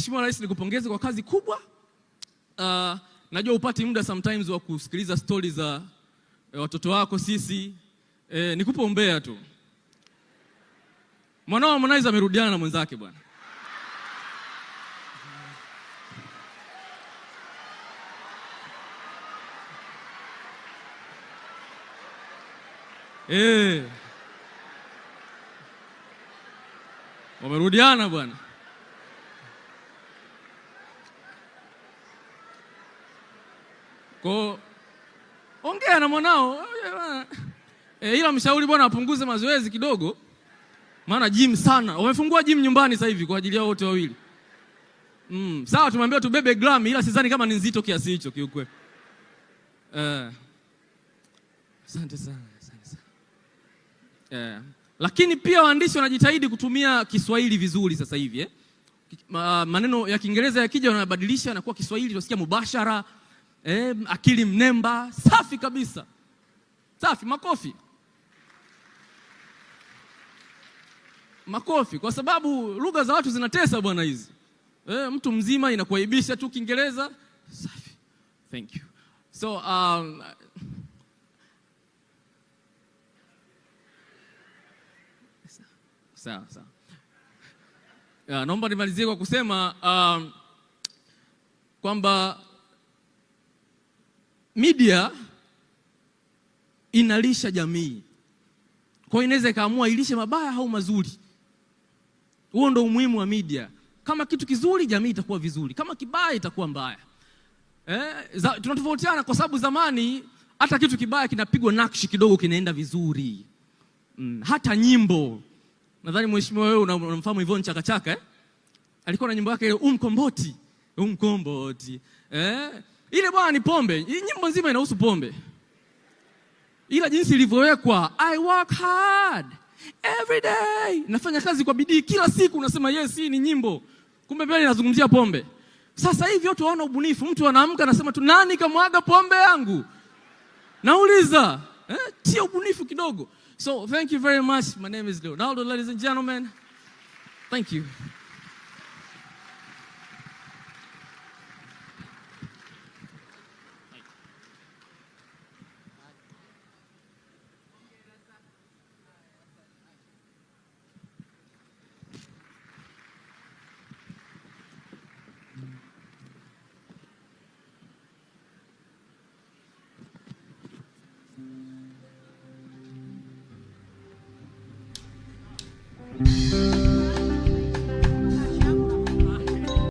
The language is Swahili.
Mheshimiwa Rais, nikupongeze kwa kazi kubwa. Uh, najua upati muda sometimes wa kusikiliza stori za uh, watoto wako sisi. Eh, nikupe tu. Mwanao Harmonize amerudiana na mwenzake bwana. Eh. Wamerudiana bwana. Kwa ongea na mwanao e, ila mshauri bwana apunguze mazoezi kidogo, maana gym sana. Wamefungua gym nyumbani sasa hivi kwa ajili yao wote wawili. Mm, sawa tumwambia tubebe gram ila sidhani kama ni nzito kiasi hicho kiukwe. Eh. Asante sana, asante sana. Eh. Lakini pia waandishi wanajitahidi kutumia Kiswahili vizuri sasa hivi eh? Maneno ya Kiingereza yakija wanabadilisha na kuwa Kiswahili, tunasikia mubashara eh, akili mnemba, safi kabisa, safi. Makofi, makofi, kwa sababu lugha za watu zinatesa bwana hizi eh, mtu mzima inakuaibisha tu Kiingereza. Safi, thank you. So um, sawa sawa. Ah, naomba nimalizie kwa kusema um, kwamba Media inalisha jamii, kwa hiyo inaweza ikaamua ilishe mabaya au mazuri. Huo ndo umuhimu wa media. Kama kitu kizuri, jamii itakuwa vizuri, kama kibaya itakuwa mbaya. Eh, tunatofautiana kwa sababu zamani hata kitu kibaya kinapigwa nakshi kidogo kinaenda vizuri. Mm, hata nyimbo nadhani mheshimiwa wewe unamfahamu Yvonne Chakachaka eh? Alikuwa na nyimbo yake ile umkomboti umkomboti eh? Ile bwana ni pombe, hii nyimbo nzima inahusu pombe, ila jinsi ilivyowekwa I work hard every day, nafanya kazi kwa bidii kila siku. Unasema yes, hii ni nyimbo, kumbe mbele inazungumzia pombe. Sasa hivi watu waona ubunifu, mtu anaamka anasema tu nani kamwaga pombe yangu? Nauliza eh, tia ubunifu kidogo. So thank you very much. My name is Leonardo, ladies and gentlemen. Thank you.